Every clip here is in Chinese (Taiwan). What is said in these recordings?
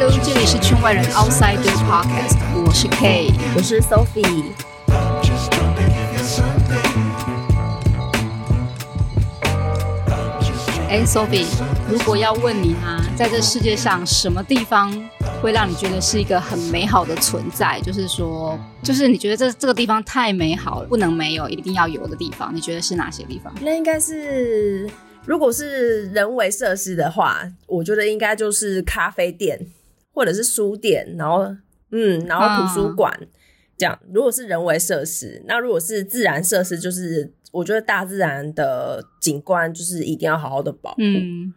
Hello，這裡是圈外人 Outside This Podcast，我是 Kay，我是 Sophie。哎、欸，Sophie，如果要問你啊，在這世界上什麼地方會讓你覺得是一個很美好的存在？就是說，就是你覺得這這個地方太美好了，不能沒有，一定要有的地方，你覺得是哪些地方？那應該是，如果是人為設施的話，我覺得應該就是咖啡店。或者是書店，然後嗯，然後圖書館、嗯、這樣。如果是人為設施，那如果是自然設施，就是我覺得大自然的景觀就是一定要好好的保護。嗯、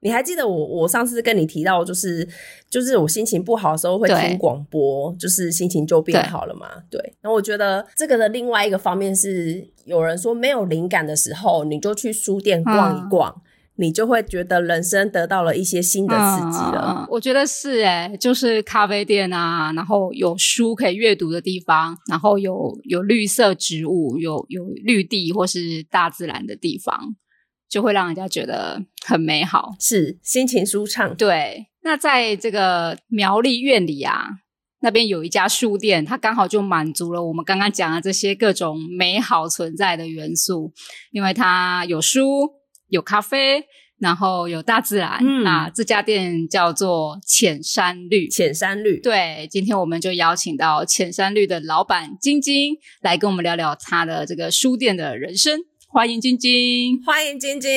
你還記得我我上次跟你提到，就是就是我心情不好的時候會聽廣播，對就是心情就變好了嘛？對。那我覺得這個的另外一個方面是，有人說沒有靈感的時候，你就去書店逛一逛。嗯你就會覺得人生得到了一些新的刺激了。嗯，我覺得是誒、欸、就是咖啡店啊，然後有書可以閱讀的地方，然後有有綠色植物，有有綠地或是大自然的地方，就會讓人家覺得很美好，是心情舒暢。對，那在這個苗栗苑裡啊，那邊有一家書店，它剛好就滿足了我們剛剛講的這些各種美好存在的元素，因為它有書。有咖啡，然後有大自然。那這、嗯啊、家店叫做淺山綠，淺山綠。對，今天我們就邀請到淺山綠的老板晶晶來跟我們聊聊她的這個書店的人生。歡迎晶晶，歡迎晶晶。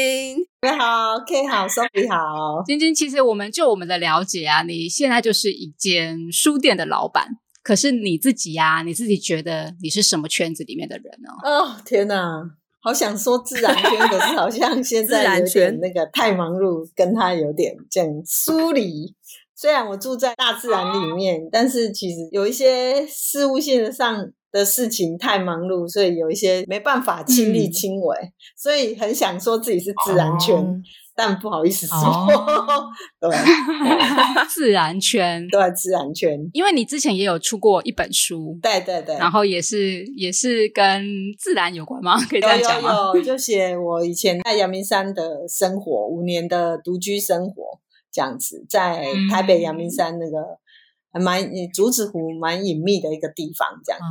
你好，K 好，Sophie 好。晶晶， 其實我們就我們的了解啊，你現在就是一間書店的老板。可是你自己呀、啊，你自己覺得你是什麼圈子裡面的人呢、哦？哦，天哪！好想說自然圈， 自然圈，可是好像現在有點那個太忙碌，跟他有點這樣疏離。雖然我住在大自然裡面，哦、但是其實有一些事務性上的事情太忙碌，所以有一些沒辦法親力親為，嗯、所以很想說自己是自然圈。哦但不好意思說，oh. 對，對 自然圈，對，自然圈，因為你之前也有出過一本書，對對對，然後也是也是跟自然有關嗎？可以這樣講嗎？有有有，就寫我以前在陽明山的生活，五年的獨居生活這樣子，在台北陽明山那個。嗯蠻，你竹子湖蠻隱秘的一個地方，這樣子。啊、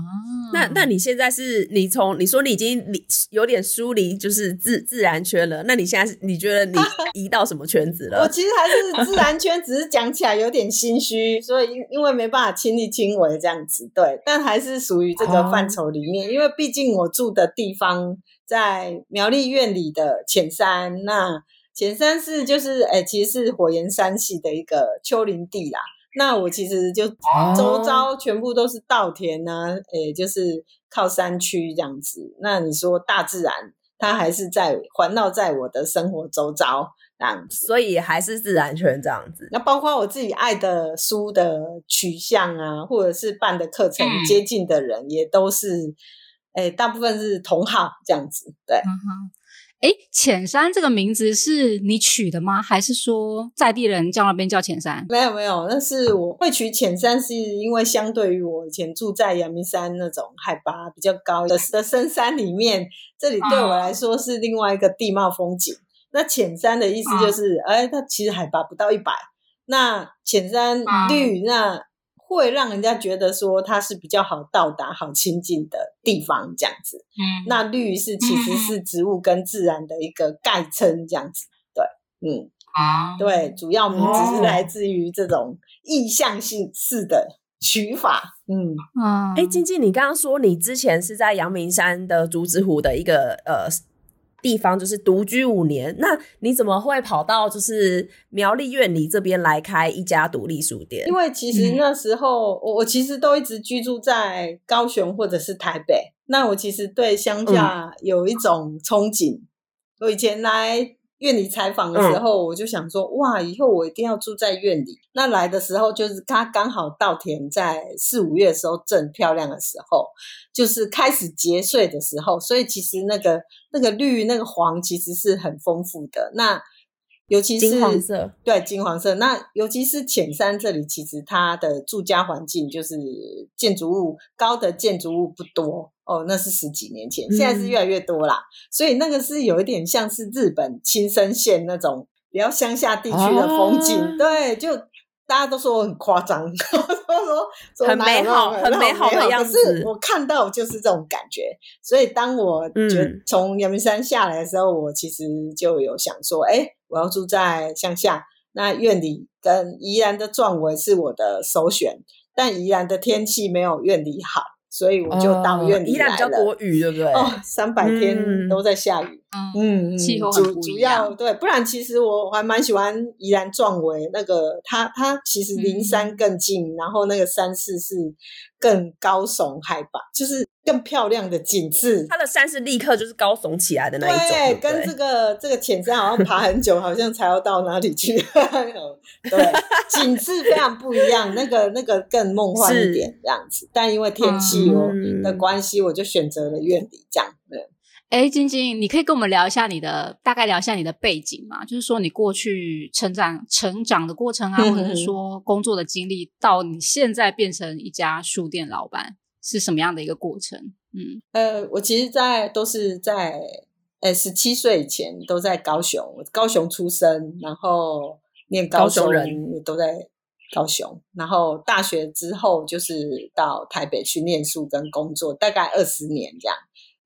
那那你現在是，你從你說你已經離有點疏離，就是自自然圈了。那你現在是，你覺得你移到什麼圈子了？啊、我其實還是自然圈，只是講起來有點心虛， 所以因為沒辦法親力親為這樣子。對，但還是屬於這個範疇裡面，啊、因為畢竟我住的地方在苗栗苑裡的淺山，那淺山是就是，誒、欸、其實是火炎山系的一個丘陵地啦。那我其實就周遭全部都是稻田吶、啊，oh. 誒，就是靠山區這樣子。那你說大自然，它還是在環繞在我的生活周遭這樣子，所以還是自然圈這樣子。那包括我自己愛的書的取向啊，或者是辦的課程，接近的人也都是，mm. 誒，大部分是同好這樣子，對。Mm hmm. 哎，淺山這個名字是你取的嗎？還是說在地人叫那邊叫淺山？沒有沒有，但是我會取淺山，是因為相對於我以前住在陽明山那種海拔比較高的的深山裡面，這裡對我來說是另外一個地貌風景。嗯、那淺山的意思就是，哎、嗯，它其實海拔不到一百，那淺山綠那。會讓人家覺得說它是比較好到達、好親近的地方，這樣子。嗯，那綠是其實是植物跟自然的一個概稱，這樣子。對，嗯啊，對，主要名字是來自於這種意象性式的取法。哦、嗯啊，哎、欸，晶晶，你剛剛說你之前是在陽明山的竹子湖的一個呃。地方就是獨居五年，那你怎麼會跑到就是苗栗苑裡這邊來開一家獨立書店？因為其實那時候我、嗯、我其實都一直居住在高雄或者是台北，那我其實對鄉下有一種憧憬。嗯、我以前來。苑裡採訪的時候，我就想說，嗯、哇，以後我一定要住在苑裡。那來的時候，就是它剛好稻田在四五月的時候正漂亮的時候，就是開始結穗的時候，所以其實那個那個綠、那個黃，其實是很豐富的。那尤其是金黃色，對，金黃色，那尤其是淺山這裡，其實它的住家環境就是建築物高的建築物不多哦，那是十幾年前，現在是越來越多啦，嗯、所以那個是有一點像是日本青森縣那種比較鄉下地區的風景，啊、對，就。大家都說我很誇張，都 說，說，說很美好，很美好的樣子。是我看到就是這種感覺，所以當我覺得從陽明山下來的時候，嗯、我其實就有想說，哎、欸，我要住在鄉下。那苑裡跟宜蘭的壯圍是我的首選，但宜蘭的天氣沒有苑裡好，所以我就到苑裡來、呃、宜蘭比較多雨對，對不對？三百天都在下雨。嗯嗯嗯嗯，主主要對，不然其實我還蠻喜歡宜蘭壯圍。那個，它它其實離山更近，嗯、然後那個山勢是更高聳海拔，就是更漂亮的景致。它的山勢立刻就是高聳起來的那一種對，對，跟這個這個淺山好像爬很久， 好像才要到哪裡去。 對，景致非常不一樣， 那個那個更夢幻一點是這樣子，但因為天氣哦的關係，嗯、我就選擇了苑裡這樣。哎，晶晶，你可以跟我們聊一下你的大概聊一下你的背景嗎？就是說你過去成長成長的過程啊，嗯、哼或者是說工作的經歷，到你現在變成一家書店老闆，是什麼樣的一個過程？嗯，呃，我其實在，在都是在呃十七歲以前都在高雄，高雄出生，然後念高中人，也都在高雄，高書然後大學之後就是到台北去念書跟工作，大概二十年這樣。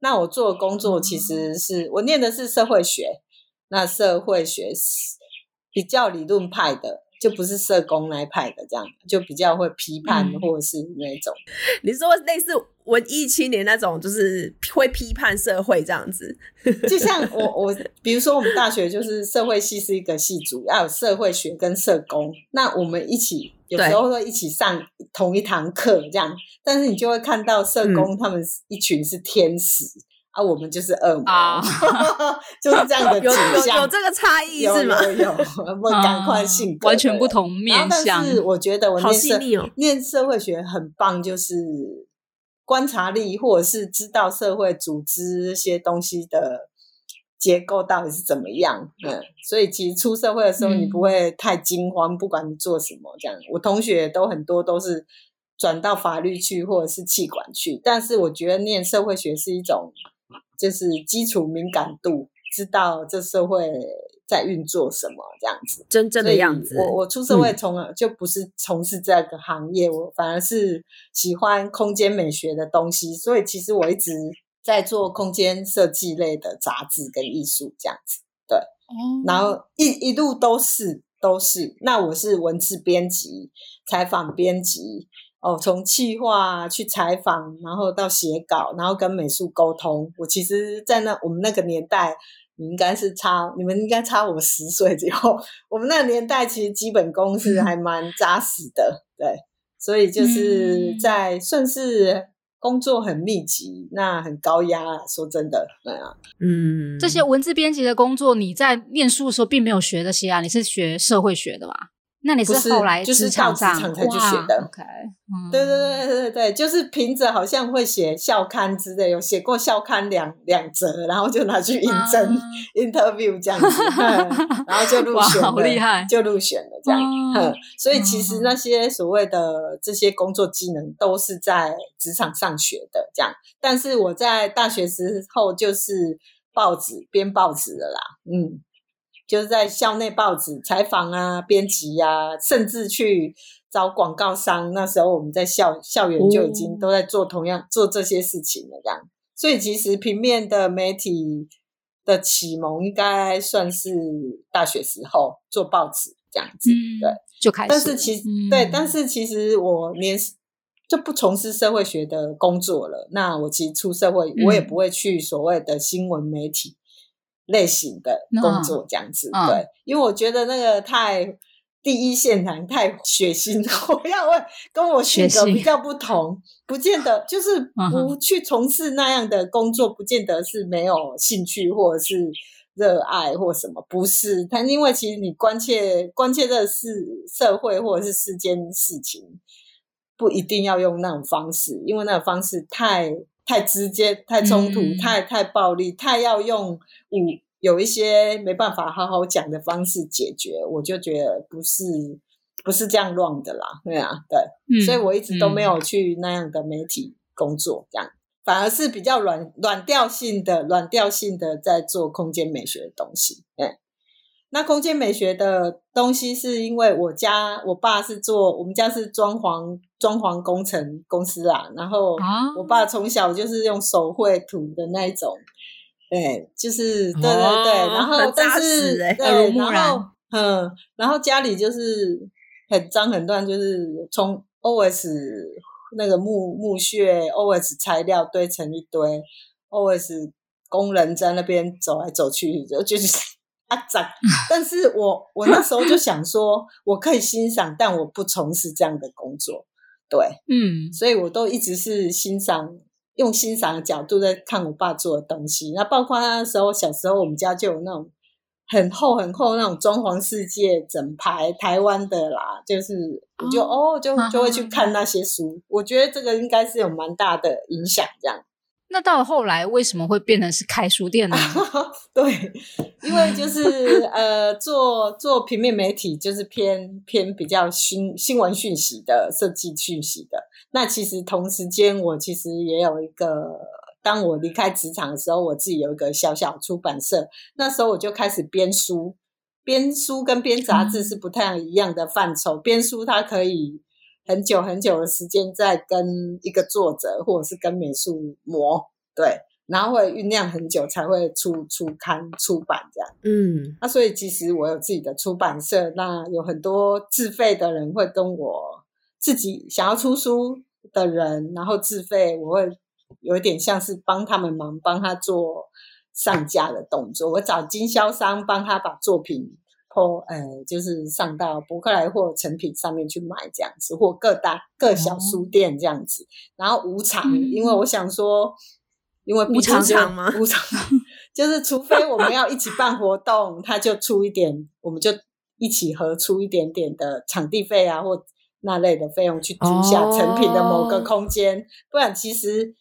那我做的工作其實是我念的是社會學，那社會學是比較理論派的，就不是社工那一派的這樣，就比較會批判或者是那種，你說類似文藝青年那種，就是會批判社會這樣子。就像我我，比如說我們大學就是社會系是一個系，主要有社會學跟社工，那我們一起。有時候會一起上同一堂課這樣，對但是你就會看到社工他們一群是天使，嗯、啊，我們就是惡魔，啊、 就是這樣的景象。有這個差異有是嗎？有，不趕快醒、啊、對完全不同面相。但是我覺得我念社、哦、念社會學很棒，就是觀察力，或者是知道社會組織一些東西的。結構到底是怎麼樣？嗯，所以其實出社會的時候，你不會太驚慌，嗯、不管你做什麼，這樣。我同學都很多都是轉到法律去，或者是企管去。但是我覺得念社會學是一種，就是基礎敏感度，知道這社會在運作什麼這樣子，真正的樣子。我我出社會從、嗯、就不是從事這個行業，我反而是喜歡空間美學的東西。所以其實我一直。在做空間設計類的雜誌跟藝術這樣子，對，嗯、然後一一路都是都是。那我是文字編輯、採訪編輯哦，從企劃去採訪，然後到寫稿，然後跟美術溝通。我其實在那我們那個年代，你應該是差，你們應該差我十歲左右。我們那個年代其實基本功是還蠻紮實的，嗯、對，所以就是在順勢、嗯。工作很密集，那很高壓，說真的，對啊。嗯，這些文字編輯的工作，你在念書的時候並沒有學這些啊，你是學社會學的吧？那你是後來不是就是到職場才去學的？對哇對對對對對，就是憑着好像會寫校刊之類，有寫過校刊兩兩則，然後就拿去應徵、啊、interview 這樣子、 嗯，然後就入選了，哇好厲害就入選了這樣、啊嗯。所以其實那些所謂的這些工作技能都是在職場上學的這樣。但是我在大學之後就是報紙編報紙的啦，嗯。就是在校內報紙採訪啊，編輯呀，甚至去找廣告商。那時候我們在校校園就已經都在做同樣、哦、做這些事情了，這樣。所以其實平面的媒體的啟蒙應該算是大學時候做報紙這樣子，嗯、對，就開始。但是其實、嗯、對，但是其實我年就不從事社會學的工作了。那我其實出社會，嗯、我也不會去所謂的新聞媒體。類型的工作這樣子，uh, uh, 對，因為我覺得那個太第一現場太血腥了。我要問跟我選擇比較不同，性不見得就是不去從事那樣的工作，uh huh. 不見得是沒有興趣或者是熱愛或什麼。不是，但是因為其實你關切關切的是社會或者是世間事情，不一定要用那種方式，因為那個方式太。太直接，太衝突，太太暴力、太要用嗯，有一些沒辦法好好講的方式解決，我就覺得不是不是這樣亂的啦，對啊，對，嗯、所以我一直都沒有去那樣的媒體工作，這樣反而是比較軟軟調性的、軟調性的在做空間美學的東西。對，那空間美學的東西是因為我家我爸是做，我們家是裝潢。裝潢工程公司啊，然後我爸從小就是用手繪圖的那種，對、啊欸，就是對對對，哦、然後但是對，哎、然後然嗯，然後家裡就是很髒很亂，就是從 OS 那個木木屑 OS 材料堆成一堆 OS 工人在那邊走來走去，就就是啊髒， 但是我我那時候就想說，我可以欣賞， 但我不從事這樣的工作。對，嗯，所以我都一直是欣賞，用欣賞的角度在看我爸做的東西。那包括那時候小時候，我們家就有那種很厚很厚那種裝潢世界整排台灣的啦，就是我就哦，哦就就會去看那些書。嗯，我覺得這個應該是有蠻大的影響這樣。那到後來，為什麼會變成是開書店呢？啊、呵呵對，因為就是 呃，做做平面媒體，就是偏偏比較新新聞訊息的設計訊息的。那其實同時間，我其實也有一個，當我離開職場的時候，我自己有一個小小出版社。那時候我就開始編書，編書跟編雜誌是不太一樣的範疇。嗯、編書它可以。很久很久的時間，在跟一個作者，或者是跟美術磨，對，然後會醞釀很久才會出，出刊，出版這樣。嗯，那所以其實我有自己的出版社，那有很多自費的人會跟我自己想要出書的人，然後自費，我會有一點像是幫他們忙，幫他做上架的動作，我找經銷商幫他把作品。哦，呃、哎，就是上到博客來或誠品上面去買這樣子，或各大各小書店這樣子。嗯、然後無償，因為我想說，嗯、因為無償嘛。無償就是除非我們要一起辦活動， 他就出一點，我們就一起合出一點點的場地費啊，或那類的費用去租下誠品的某個空間。哦、不然其實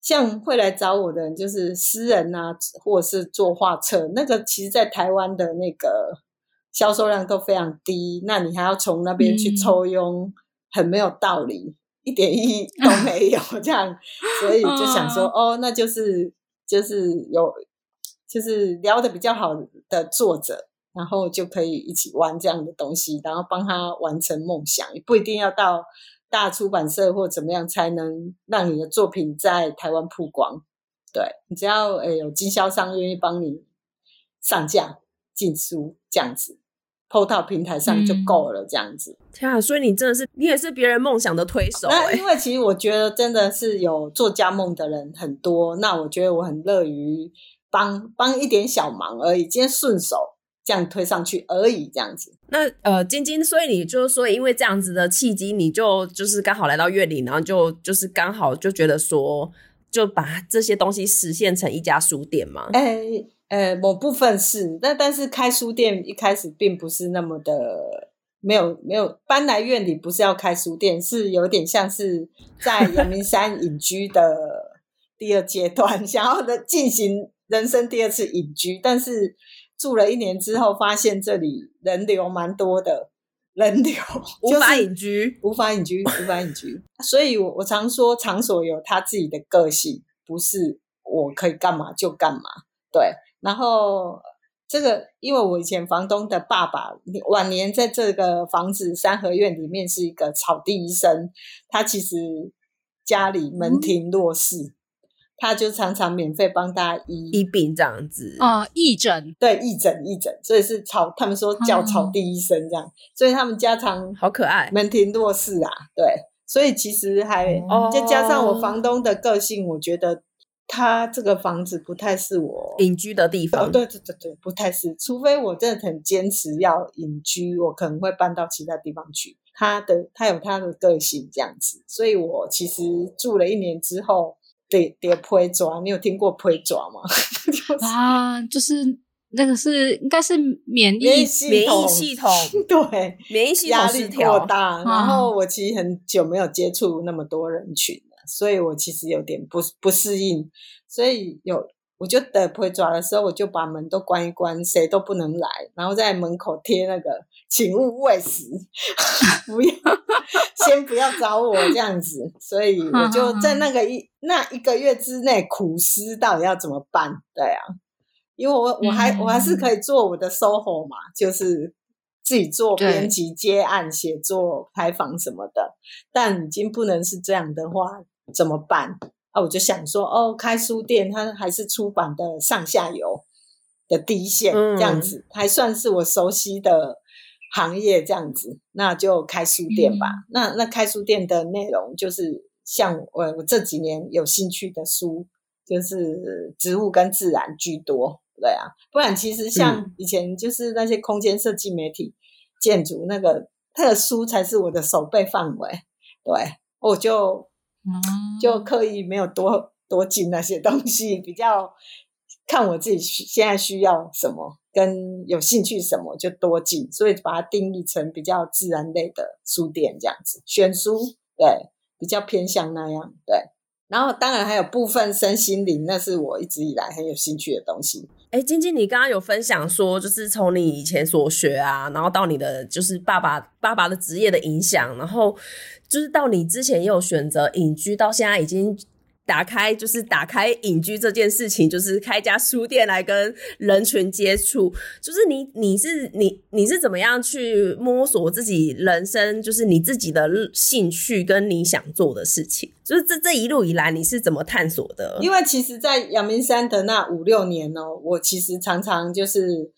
像會來找我的人，就是私人啊，或者是做畫冊，那個其實，在台灣的那個。銷售量都非常低，那你還要從那邊去抽佣，嗯、很沒有道理，一點意義都沒有。 這樣，所以就想說，哦，哦，那就是就是有，就是聊得比較好的作者，然後就可以一起玩這樣的東西，然後幫他完成夢想，也不一定要到大出版社或怎麼樣才能讓你的作品在台灣曝光。對，你只要誒、哎、有經銷商願意幫你上架。進書這樣子，鋪到平台上就夠了，這樣子，嗯。天啊，所以你真的是，你也是別人夢想的推手欸。因為其實我覺得真的是有做家夢的人很多，那我覺得我很樂於幫幫一點小忙而已，今天順手這樣推上去而已，這樣子。那呃，晶晶，所以你就所以因為這樣子的契機，你就就是剛好來到苑裡，然後就就是剛好就覺得說，就把這些東西實現成一家書店嘛。哎、欸。呃，某部分是，但但是開書店一開始並不是那麼的，沒有沒有搬來苑裡，不是要開書店，是有點像是在陽明山隱居的第二階段， 想要的進行人生第二次隱居。但是住了一年之後，發現這裡人流蠻多的，人流、就是、無法隱居，無法隱居，無法隱居。所以我我常說場所有他自己的個性，不是我可以幹嘛就幹嘛，對。然後，這個因為我以前房東的爸爸晚年在這個房子三合院裡面是一個草地醫生，他其實家裡門庭若市，嗯、他就常常免費幫大家醫醫病這樣子啊，義診、哦、對，義診義診，所以是草，他們說叫草地醫生這樣，嗯、所以他們家常好可愛，門庭若市啊，對，所以其實還再、哦哦、加上我房東的個性，我覺得。他這個房子不太是我隱居的地方，哦、對對對對，不太是，除非我真的很堅持要隱居，我可能會搬到其他地方去。他的他有他的個性這樣子，所以我其實住了一年之後，得得皰疹，你有聽過皰疹嗎？ 就是、啊，就是那個是應該是免疫免疫系統，免疫系統對免疫系統失調，壓力過大。啊、然後我其實很久沒有接觸那麼多人群。所以我其實有點不不適應，所以有我就得不會抓的時候，我就把門都關一關，誰都不能來，然後在門口貼那個“請勿餵食”， 不要 先不要找我這樣子。所以我就在那個一 那一個月之內苦思到底要怎麼辦？對啊，因為我我還、嗯、我還是可以做我的 SOHO 嘛，就是自己做編輯、接案、對寫作、採訪什麼的，但已經不能是這樣的話。怎麼辦？啊，我就想說，哦，開書店，它還是出版的上下游的第一線，這樣子、嗯、還算是我熟悉的行業，這樣子，那就開書店吧。嗯、那那開書店的內容，就是像我我這幾年有興趣的書，就是植物跟自然居多，對啊。不然其實像以前就是那些空間設計、媒體、嗯、建築那個，它的書才是我的守備範圍，對，我就。就刻意沒有多多進那些東西，比較看我自己現在需要什麼，跟有興趣什麼就多進，所以把它定義成比較自然類的書店這樣子。選書對，比較偏向那樣對。然後當然還有部分身心靈，那是我一直以來很有興趣的東西。哎、欸，晶晶，你剛剛有分享說，就是從你以前所學啊，然後到你的就是爸爸爸爸的職業的影響，然後。就是到你之前也有選擇隱居，到現在已經打開，就是打開隱居這件事情，就是開家書店來跟人群接觸。就是你，你是你，你是怎麼樣去摸索自己人生？就是你自己的興趣跟你想做的事情。就是這這一路以來，你是怎麼探索的？因為其實，在陽明山的那五六年哦，我其實常常就是。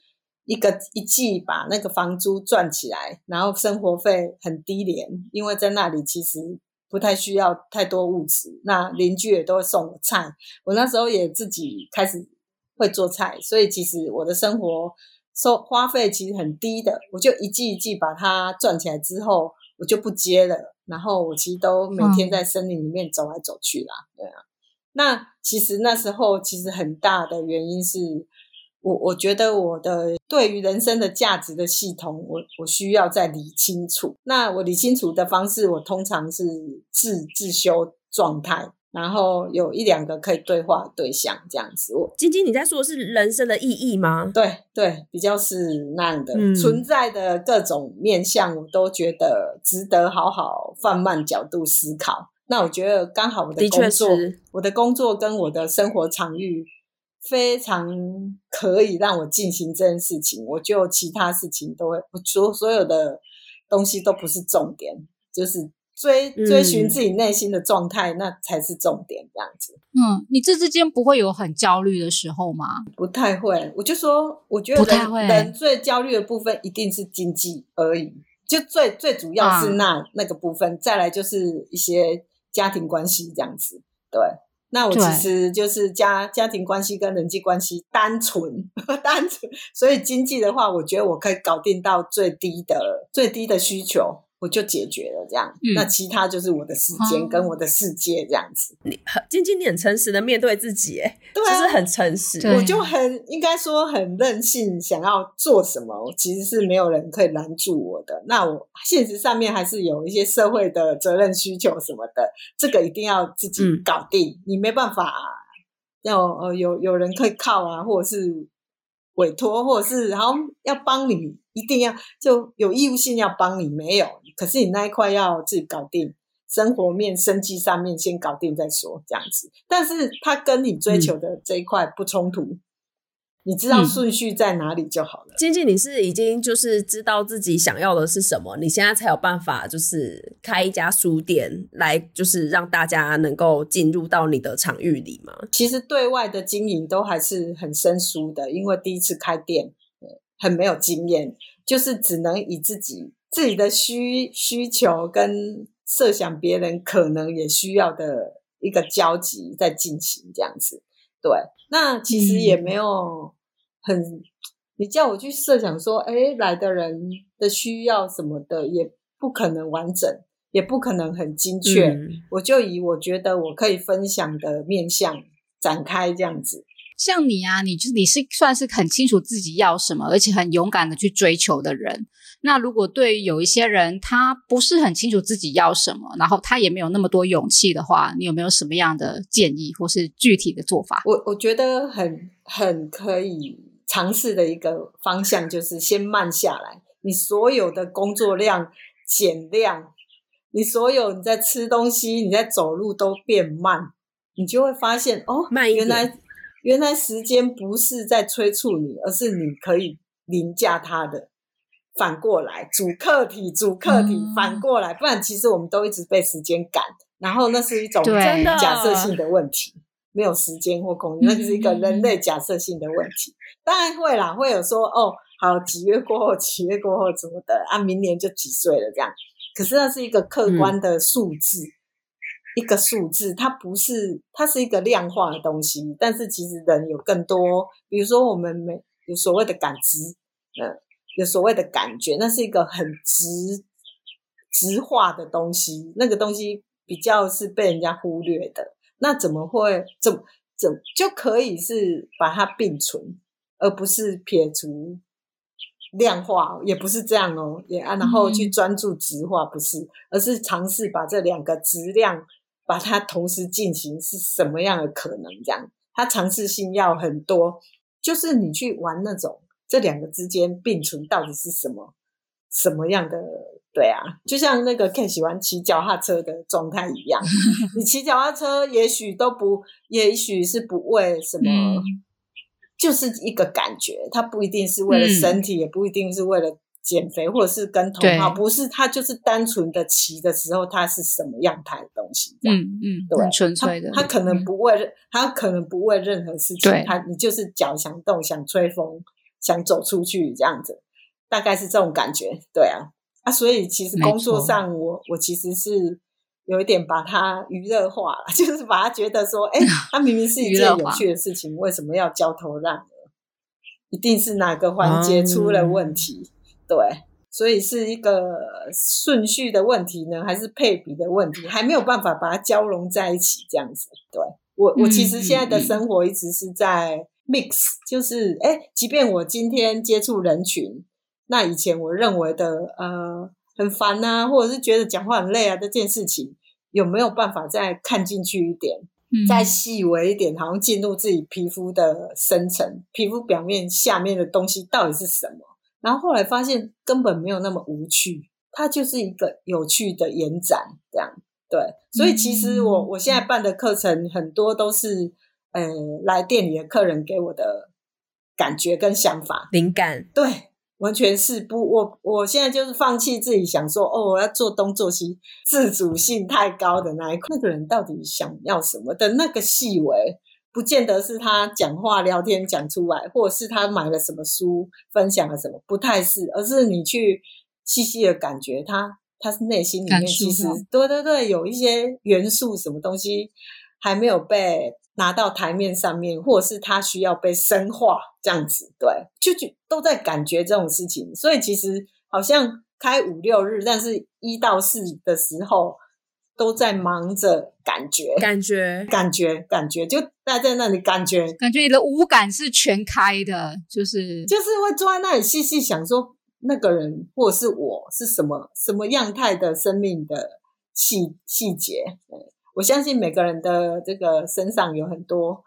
一個一季把那個房租賺起來，然後生活費很低廉，因為在那裡其實不太需要太多物資。那鄰居也都會送我菜，我那時候也自己開始會做菜，所以其實我的生活收花費其實很低的。我就一季一季把它賺起來之後，我就不接了。然後我其實都每天在森林裡面走來走去啦。嗯、對啊，那其實那時候其實很大的原因是。我我覺得我的對於人生的價值的系統，我我需要再理清楚。那我理清楚的方式，我通常是自自修狀態，然後有一兩個可以對話對象這樣子。我晶晶，晶晶，你在說的是人生的意義嗎？對對，比較是那樣的，嗯、存在的各種面向，我都覺得值得好好放慢角度思考。那我覺得剛好我的工作，的確我的工作跟我的生活場域。非常可以讓我進行這件事情，我就其他事情都會，所所有的東西都不是重點，就是追追尋自己內心的狀態，嗯、那才是重點。這樣子，嗯，你這之間不會有很焦慮的時候嗎？不太會，我就說，我覺得人，不太會，人最焦慮的部分一定是經濟而已，就最最主要是那、啊、那個部分，再來就是一些家庭關係這樣子，對。那我其實就是家對家庭關係跟人際關係單純，單純，所以經濟的話，我覺得我可以搞定到最低的最低的需求。我就解決了這樣，嗯、那其他就是我的時間跟我的世界這樣子。你，晶晶你很，晶晶你很誠實的面對自己、欸，哎、啊，就是很誠實。對我就很應該說很任性，想要做什麼，其實是沒有人可以攔住我的。那我現實上面還是有一些社會的責任需求什麼的，這個一定要自己搞定。嗯、你沒辦法要呃有有人可以靠啊，或者是。委託，或者是，然後要幫你，一定要就有義務性要幫你，沒有。可是你那一塊要自己搞定，生活面、生計上面先搞定再說，這樣子。但是他跟你追求的這一塊不衝突。嗯你知道順序在哪裡就好了。晶晶、嗯，你是已經就是知道自己想要的是什麼，你現在才有辦法就是開一家書店來，就是讓大家能夠進入到你的場域裡嗎？其實對外的經營都還是很生疏的，因為第一次開店，很沒有經驗，就是只能以自己自己的需需求跟設想別人可能也需要的一個交集在進行這樣子。對，那其實也沒有、嗯。很，你叫我去設想說，哎，來的人的需要什麼的，也不可能完整，也不可能很精確。嗯。我就以我覺得我可以分享的面向展開這樣子。像你啊，你就你是算是很清楚自己要什麼，而且很勇敢的去追求的人。那如果對於有一些人，他不是很清楚自己要什麼，然後他也沒有那麼多勇氣的話，你有沒有什麼樣的建議或是具體的做法？我我覺得很很可以嘗試的一個方向就是先慢下來，你所有的工作量減量，你所有你在吃東西、你在走路都變慢，你就會發現哦原，原來原來時間不是在催促你，而是你可以凌駕它的。反過來，主客體，主客體、嗯、反過來，不然其實我們都一直被時間趕。然後那是一種假設性，對假設性的問題，沒有時間或空間，那就是一個人類假設性的問題。嗯嗯嗯當然會啦，會有說哦，好幾月過後，幾月過後怎麼的啊？明年就幾歲了這樣。可是那是一個客觀的數字，嗯、一個數字，它不是，它是一個量化的東西。但是其實人有更多，比如說我們沒有所謂的感知，嗯、呃，有所謂的感覺，那是一個很直直化的東西，那個東西比較是被人家忽略的。那怎麼會怎麼怎就，就可以是把它並存？而不是撇除量化，也不是這樣哦，也啊，然後去專注質化，不是，而是嘗試把這兩個質量把它同時進行，是什麼樣的可能？這樣，它嘗試性要很多，就是你去玩那種這兩個之間並存到底是什麼什麼樣的？對啊，就像那個 Ken 喜歡騎腳踏車的狀態一樣， 你騎腳踏車也許都不，也許是不為什麼。嗯就是一個感覺，他不一定是為了身體，嗯、也不一定是為了減肥，或者是跟同行。對不是，他就是單純的騎的時候，他是什麼樣態的東西？這樣，嗯嗯，嗯對，純粹的，他可能不為任，他可能不為任何事情，他、嗯、你就是腳想動，想吹風，想走出去這樣子，大概是這種感覺，對啊，啊，所以其實工作上我，錯我我其實是。有一點把它娛樂化了，就是把它覺得說，哎、欸，它明明是一件有趣的事情，為什麼要焦頭爛額？一定是哪個環節出了問題？嗯、對，所以是一個順序的問題呢，還是配比的問題？還沒有辦法把它交融在一起，這樣子。對，我我其實現在的生活一直是在 mix，、嗯嗯、就是誒、欸、即便我今天接觸人群，那以前我認為的呃。很煩啊，或者是覺得講話很累啊，這件事情有沒有辦法再看進去一點，嗯、再細微一點，好像進入自己皮膚的深層，皮膚表面下面的東西到底是什麼？然後後來發現根本沒有那麼無趣，它就是一個有趣的延展，這樣對。所以其實我、嗯、我現在辦的課程很多都是，呃，來店裡的客人給我的感覺跟想法、靈感，對。完全是不，我我現在就是放棄自己，想說哦，我要做東做西，自主性太高的那一塊，那個人到底想要什麼的那個細微，不見得是他講話聊天講出來，或者是他買了什麼書分享了什麼，不太是，而是你去細細的感覺，他他是內心裡面其實、啊、對對對，有一些元素什麼東西還沒有被。拿到台面上面，或者是他需要被深化。這樣子對，就就都在感覺這種事情。所以其實好像開五六日，但是一到四的時候都在忙着感覺，感覺，感覺，感覺，就待在那裡感覺，感覺你的五感是全開的，就是就是會坐在那裡細細想說那個人或是我是什麼什麼樣態的生命的細細節。我相信每個人的這個身上有很多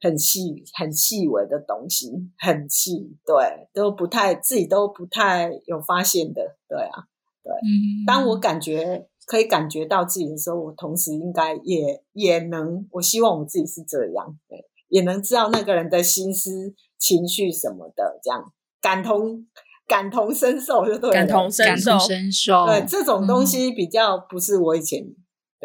很細、很細微的東西，很細，對，都不太自己都不太有發現的，對啊，對。嗯、當我感覺可以感覺到自己的時候，我同時應該也也能，我希望我自己是這樣對，也能知道那個人的心思、情緒什麼的，這樣感同感同身受就對了，感同身受，感同身受，對這種東西比較不是我以前。嗯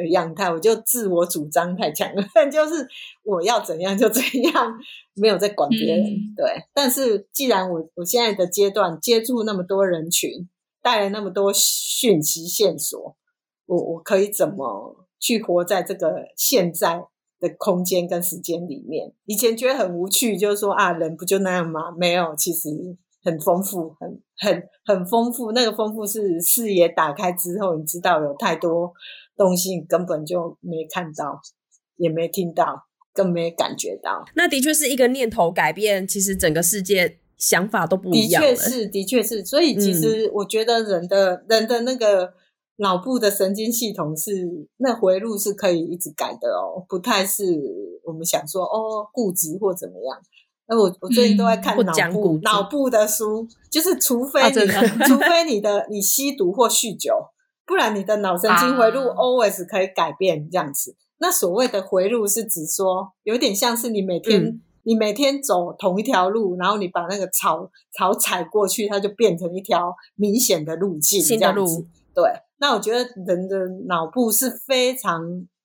樣態，我就自我主張太強了，但就是我要怎樣就怎樣，沒有在管別人。嗯、對，但是既然我我現在的階段接觸那麼多人群，帶來那麼多訊息線索，我我可以怎麼去活在這個現在的空間跟時間裡面？以前覺得很無趣，就是說啊，人不就那樣嗎？沒有，其實很豐富，很很很豐富。那個豐富是視野打開之後，你知道有太多。東西根本就沒看到，也沒聽到，更沒感覺到。那的確是一個念頭改變，其實整個世界想法都不一樣。的確是，的確是。所以其實我覺得人的、嗯、人的那個腦部的神經系統是，那回路是可以一直改的哦，不太是我們想說哦固執或怎麼樣。那我、嗯、我最近都在看腦部腦部的書，就是除非你、啊、除非你的你吸毒或酗酒。不然你的腦神經回路 always 可以改變、啊，這樣子。那所謂的回路是指說，有點像是你每天、嗯、你每天走同一條路，然後你把那個草草踩過去，它就變成一條明顯的路徑。新的路。對。那我覺得人的腦部是非常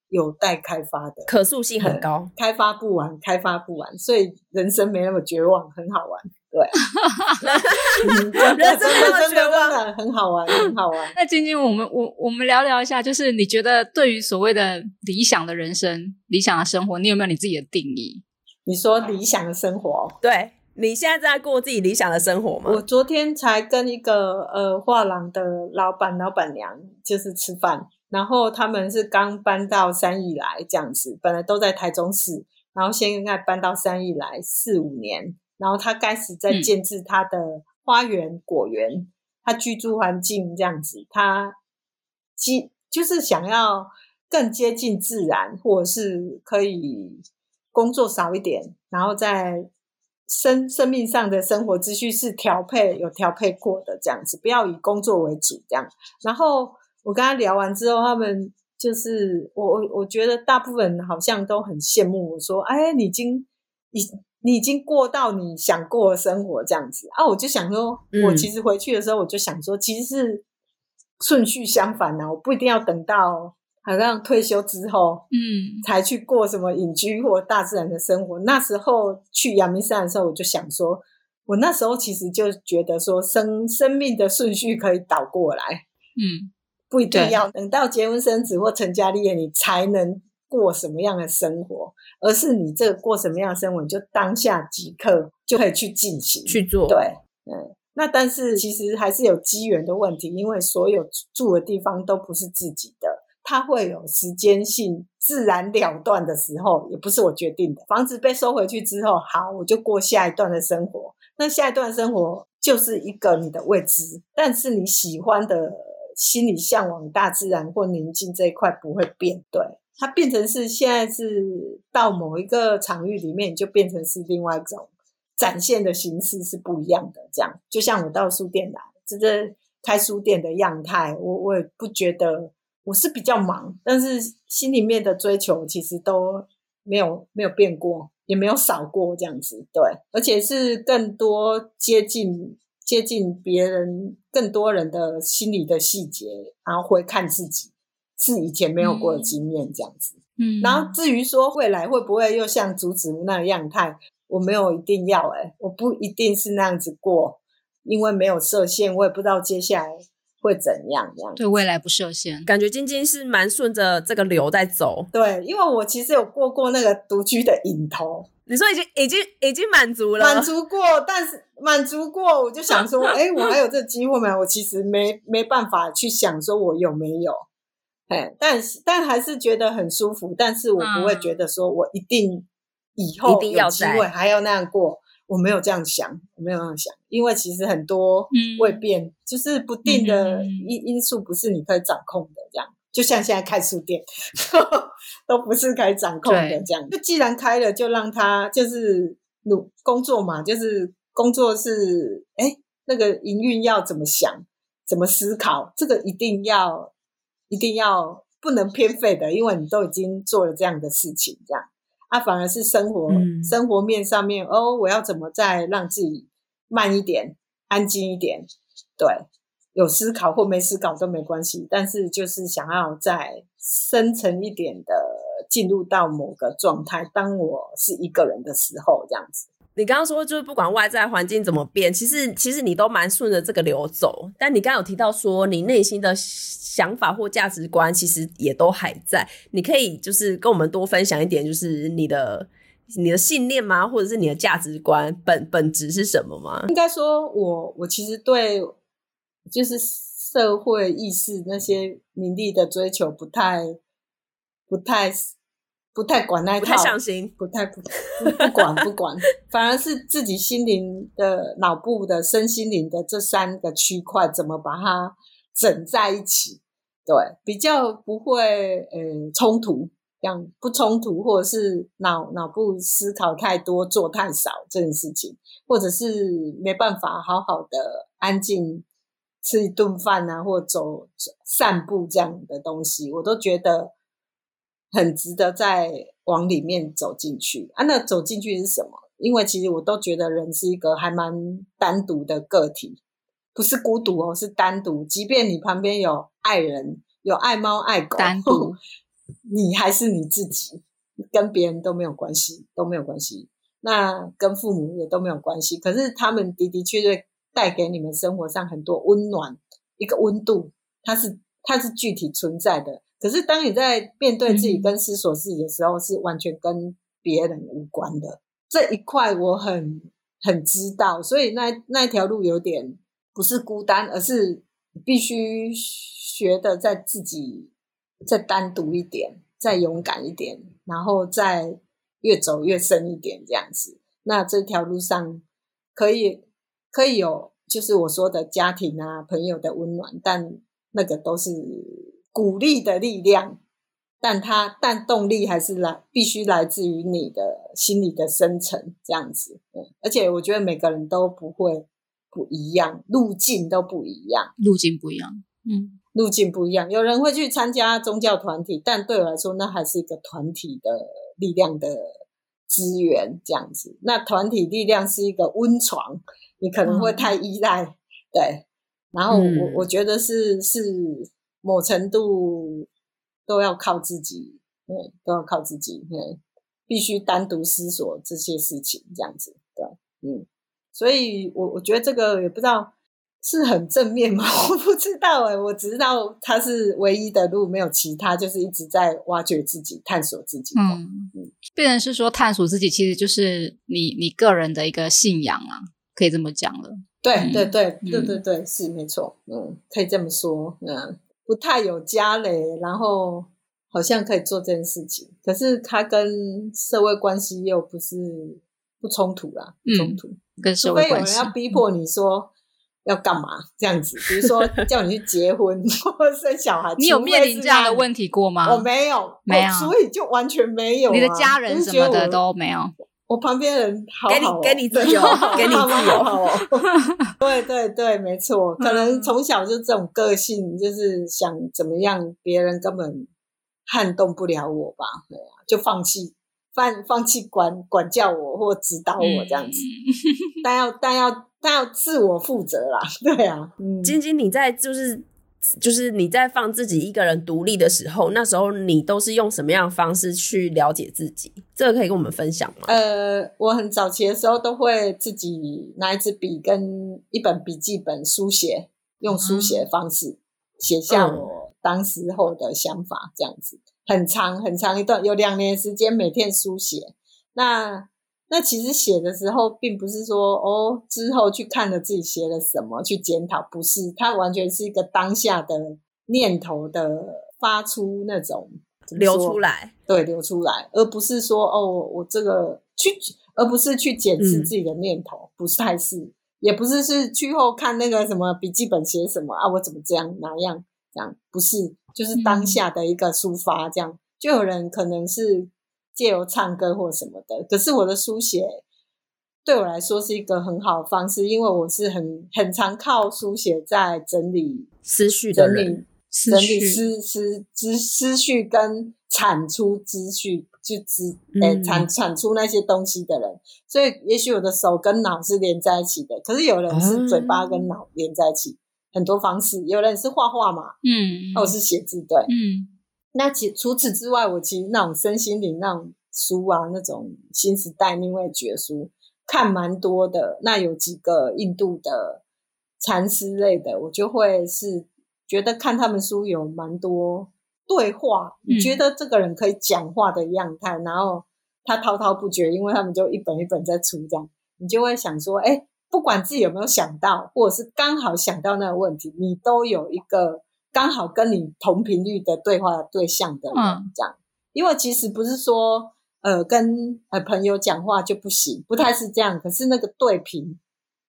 有待開發的，可塑性很高，嗯，開發不完，開發不完，所以人生沒那麼絕望，很好玩。對，真的真的很好玩， 很好玩。 那晶晶，我們我我們聊聊一下，就是你覺得對於所謂的理想的人生、理想的生活，你有沒有你自己的定義？你說理想的生活，嗯，對，你現在在過自己理想的生活嗎？我昨天才跟一個呃畫廊的老闆、老闆娘就是吃飯，然後他們是剛搬到三義來這樣子，本來都在台中市，然後現在搬到三義來四五年。然後他開始在建置他的花園、果園，嗯、他居住環境這樣子，他就是想要更接近自然，或者是可以工作少一點，然後在生生命上的生活秩序是調配有調配過的這樣子，不要以工作為主這樣。然後我跟他聊完之後，他們就是我我我覺得大部分好像都很羨慕我說：“哎，你已經已。”你已經過到你想過的生活這樣子啊，我就想說，我其實回去的時候我就想說，嗯、其實是順序相反吶，啊，我不一定要等到好像退休之後，嗯，才去過什麼隱居或大自然的生活。嗯、那時候去陽明山的時候，我就想說，我那時候其實就覺得說生，生生命的順序可以倒過來，嗯，不一定要等到結婚生子或成家立業，你才能。過什麼樣的生活，而是你這個過什麼樣的生活，你就當下即刻就可以去進行去做。對，嗯，那但是其實還是有機緣的問題，因為所有住的地方都不是自己的，它會有時間性，自然了斷的時候也不是我決定的。房子被收回去之後，好，我就過下一段的生活。那下一段生活就是一個你的未知，但是你喜歡的、心裡向往大自然或寧靜這一塊不會變。對。它變成是現在是到某一個場域裡面，就變成是另外一種展現的形式，是不一樣的。這樣，就像我到書店來，這開書店的樣態，我我也不覺得我是比較忙，但是心裡面的追求其實都沒有沒有變過，也沒有少過這樣子。對，而且是更多接近接近別人，更多人的心理的細節，然後回看自己。是以前沒有過的經驗，這樣子。嗯，然後至於說未來會不會又像竹子那樣態，我沒有一定要哎、欸，我不一定是那樣子過，因為沒有設限，我也不知道接下來會怎樣樣。這樣對未來不設限，感覺晶晶是蠻順着這個流在走。對，因為我其實有過過那個獨居的癮頭，你說已經已經已經滿足了，滿足過，但是滿足過，我就想說，哎、 欸，我還有這機會嗎？我其實沒沒辦法去想說，我有沒有。哎，但是但還是覺得很舒服，但是我不會覺得說我一定、嗯、以後有機會還要那樣過，我沒有這樣想，我沒有這樣想，因為其實很多未變、嗯、就是不定的因因素不是你可以掌控的，這樣，嗯嗯，就像現在開書店， 都不是可以掌控的這樣，對就既然開了，就讓他就是努工作嘛，就是工作是哎、欸、那個營運要怎麼想，怎麼思考，這個一定要。一定要不能偏廢的，因為你都已經做了這樣的事情，這樣啊，反而是生活、嗯、生活面上面哦，我要怎麼再讓自己慢一點、安靜一點？對，有思考或沒思考都沒關係，但是就是想要再深層一點的進入到某個狀態。當我是一個人的時候，這樣子。你剛剛說，就是不管外在環境怎麼變，其實其實你都蠻順着這個流走。但你剛剛有提到說，你內心的想法或價值觀其實也都還在。你可以就是跟我們多分享一點，就是你的你的信念嗎？或者是你的價值觀本本質是什麼嗎？應該說我，我我其實對就是社會意識那些名利的追求不太不太。不太管那一套，不太不太不不管不管，不管 反而是自己心靈的腦部的身心靈的這三個區塊怎麼把它整在一起，對，比較不會嗯衝突，這樣不衝突，或者是腦腦部思考太多做太少這件事情，或者是沒辦法好好的安靜吃一頓飯啊，或走散步這樣的東西，我都覺得，很值得再往裡面走進去啊！那走進去是什麼？因為其實我都覺得人是一個還蠻單獨的個體，不是孤獨哦，是單獨。即便你旁邊有愛人、有愛貓愛狗，單獨，你還是你自己，跟別人都沒有關係，都沒有關係。那跟父母也都沒有關係。可是他們的的確確帶給你們生活上很多溫暖，一個溫度，它是它是具體存在的。可是，當你在面對自己跟思索自己的時候，嗯、是完全跟別人無關的這一塊，我很很知道。所以那，那那條路有點不是孤單，而是必須學的，在自己再單獨一點，再勇敢一點，然後再越走越深一點這樣子。那這條路上可以可以有，就是我說的家庭啊、朋友的溫暖，但那個都是。鼓勵的力量，但它但動力還是來必須來自於你的心理的深層這樣子，嗯，而且我覺得每個人都不會不一樣，路徑都不一樣，路徑不一樣，嗯，路徑不一樣，有人會去參加宗教團體，但對我來說，那還是一個團體的力量的資源這樣子。那團體力量是一個溫床，你可能會太依賴，嗯、對，然後我我覺得是是。某程度都要靠自己，對，都要靠自己，對，必須單獨思索這些事情，這樣子，對，嗯，所以，我我覺得這個也不知道是很正面嗎？ 我不知道、欸，哎，我只知道他是唯一的路，如果沒有其他，就是一直在挖掘自己，探索自己。嗯嗯，變成、嗯、是說探索自己，其實就是你你個人的一個信仰啊，可以這麼講了對。對對對、嗯、對對對，是沒錯，嗯，可以這麼說，嗯。不太有家累，然後好像可以做這件事情，可是他跟社會關係又不是不衝突啦、啊，衝、嗯、突跟社會關係。有人要逼迫你說要幹嘛這樣子？嗯、比如說叫你去結婚 或者生小孩，你有面臨這樣的問題過嗎？我沒有，沒有，所以就完全沒有、啊，你的家人什麼的都沒有。我旁邊人好好，喔，給你自由，給你自由哦。對對對，沒錯，可能從小就這種個性，就是想怎麼樣，別人根本撼動不了我吧。對啊，就放棄放放棄管管教我或指導我這樣子， 但要但要但要自我負責啦。對啊，嗯、晶晶你在就是。就是你在放自己一個人獨立的時候，那時候你都是用什麼樣的方式去了解自己？這個可以跟我們分享嗎？呃，我很早期的時候都會自己拿一支筆跟一本筆記本書寫，用書寫方式寫下我當時候的想法，這樣子。很長，很長一段，有兩年時間每天書寫。那那其實寫的時候，並不是說哦，之後去看了自己寫了什麼去檢討，不是，它完全是一個當下的念頭的發出那種流出來，對，流出來，而不是說哦，我這個去，而不是去檢視自己的念頭，嗯、不是太是，也不是是去後看那個什麼筆記本寫什麼啊，我怎麼這樣哪樣這樣，不是，就是當下的一個抒發，這樣、嗯、就有人可能是。借由唱歌或什麼的，可是我的書寫對我來說是一個很好的方式，因為我是很很常靠書寫在整理思緒、思緒的人整理、思緒整理思思思思緒跟產出思緒，就思、嗯欸、產產出那些東西的人。所以，也許我的手跟腦是連在一起的，可是有人是嘴巴跟腦連在一起，嗯、很多方式。有人是畫畫嘛，嗯，我是寫字，對，嗯。那其除此之外，我其實那種身心靈那種書啊，那種新時代另外絕書看蠻多的。那有幾個印度的禪師類的，我就會是覺得看他們書有蠻多對話，嗯、覺得這個人可以講話的樣態，然後他滔滔不絕，因為他們就一本一本在出這樣，你就會想說，哎、欸，不管自己有沒有想到，或者是剛好想到那個問題，你都有一個。剛好跟你同頻率的對話對象的，嗯，這樣，因為其實不是說，呃，跟呃朋友講話就不行，不太是這樣。可是那個對頻，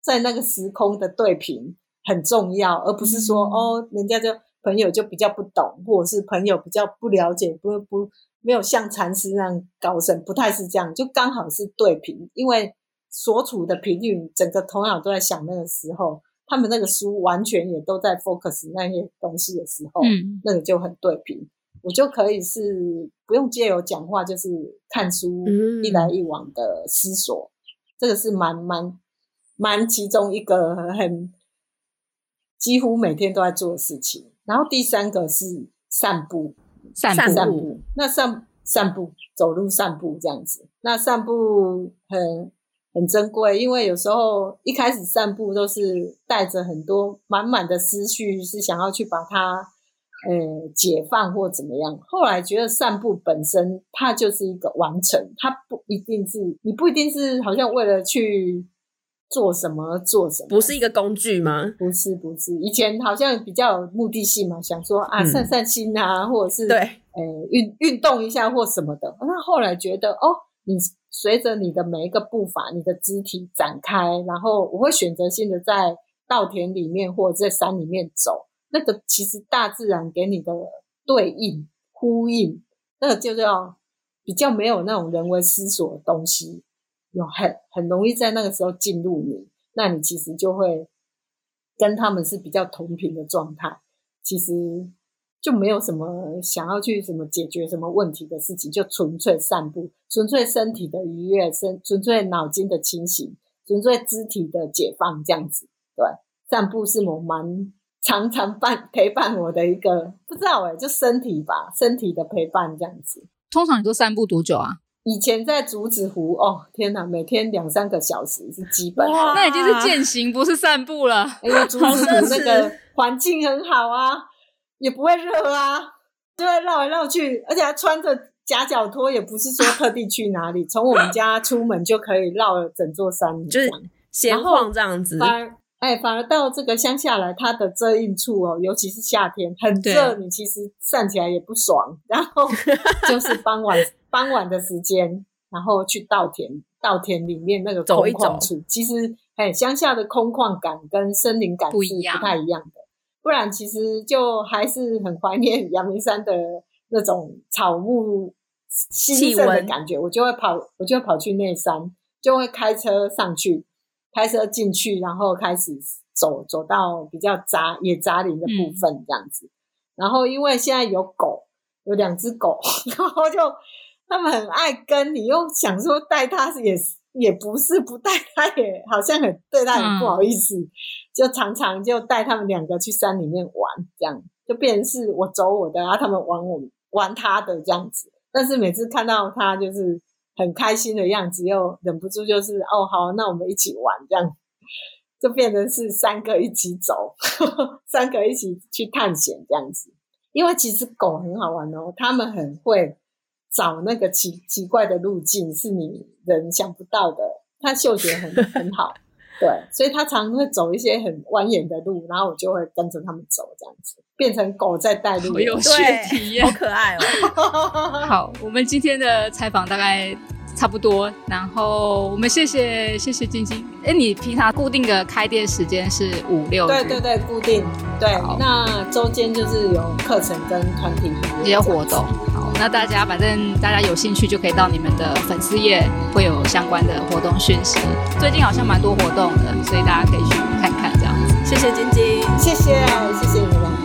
在那個時空的對頻很重要，而不是說、嗯、哦，人家就朋友就比較不懂，或者是朋友比較不了解，不不，不沒有像禪師那樣高深，不太是這樣。就剛好是對頻，因為所處的頻率，整個頭腦都在想那個時候。他們那個書完全也都在 focus 那些東西的時候，嗯、那個就很對頻，我就可以是不用借由講話，就是看書，一來一往的思索，嗯、這個是蠻蠻蠻其中一個很，很幾乎每天都在做的事情。然後第三個是散步，散步，那散散步，走路散步這樣子，那散步很，很珍貴，因為有時候一開始散步都是帶着很多滿滿的思緒，是想要去把它、呃，解放或怎麼樣。後來覺得散步本身它就是一個完成，它不一定是你不一定是好像為了去做什麼做什麼，不是一個工具嗎？不是，不是，以前好像比較有目的性嘛，想說啊，嗯、散散心啊，或者是對，呃、運運動一下或什麼的。那、啊、後來覺得哦，你。隨着你的每一個步伐，你的肢體展開，然後我會選擇性的在稻田裡面或者在山裡面走，那個其實大自然給你的對應呼應，那個就是要比較沒有那種人為思索的東西，有很很容易在那個時候進入你，那你其實就會跟他們是比較同頻的狀態，其實。就沒有什麼想要去什麼解決什麼問題的事情，就純粹散步，純粹身體的愉悅，純純粹腦筋的清醒，純粹肢體的解放，這樣子。對，散步是我蠻常常伴陪伴我的一個，不知道哎、欸，就身體吧，身體的陪伴這樣子。通常你都散步多久啊？以前在竹子湖哦，天哪，每天兩三個小時是基本。哇那已經是健行，不是散步了。哎呀，竹子湖那個環境很好啊。 也不會熱啊，就會繞來繞去，而且還穿着夾腳拖，也不是說特地去哪裡，啊、從我們家出門就可以繞了整座山，就是閒晃這樣子。反而哎，反而到這個鄉下來，它的遮蔭處哦，尤其是夏天很熱，啊、你其實站起來也不爽。然後就是傍晚 傍晚的時間，然後去稻田，稻田裡面那個空曠處，走一走其實哎，鄉下的空曠感跟森林感是不太一樣的。不然其實就還是很懷念陽明山的那種草木興盛的感覺。溫我就會跑，我就會跑去那山，就會開車上去，開車進去，然後開始走，走到比較雜、野雜林的部分，嗯、這樣子。然後因為現在有狗，有兩隻狗，嗯、然後就他們很愛跟你，又想說帶他是也是，也不是不帶他也，也好像很對他很不好意思，嗯，就常常就帶他們兩個去山裡面玩，這樣就變成是我走我的，然後他們玩我玩他的這樣子。但是每次看到他就是很開心的樣子，又忍不住就是哦，好，那我們一起玩這樣，就變成是三個一起走，呵呵，三個一起去探險這樣子。因為其實狗很好玩哦，他們很會。找那個奇奇怪的路徑，是你人想不到的。它嗅覺很 很好，對，所以它常常會走一些很蜿蜒的路，然後我就會跟着他們走，這樣子變成狗在帶路，好有趣，體驗，好可愛哦。 好，我們今天的採訪大概差不多，然後我們謝謝謝謝晶晶。哎，你平常固定的開店時間是五六？對對對，固定。對，好那中間就是有課程跟團體一些活動。好，那大家反正大家有興趣就可以到你們的粉絲頁，會有相關的活動訊息。最近好像蠻多活動的，所以大家可以去看看這樣子。謝謝晶晶，謝謝謝謝你們。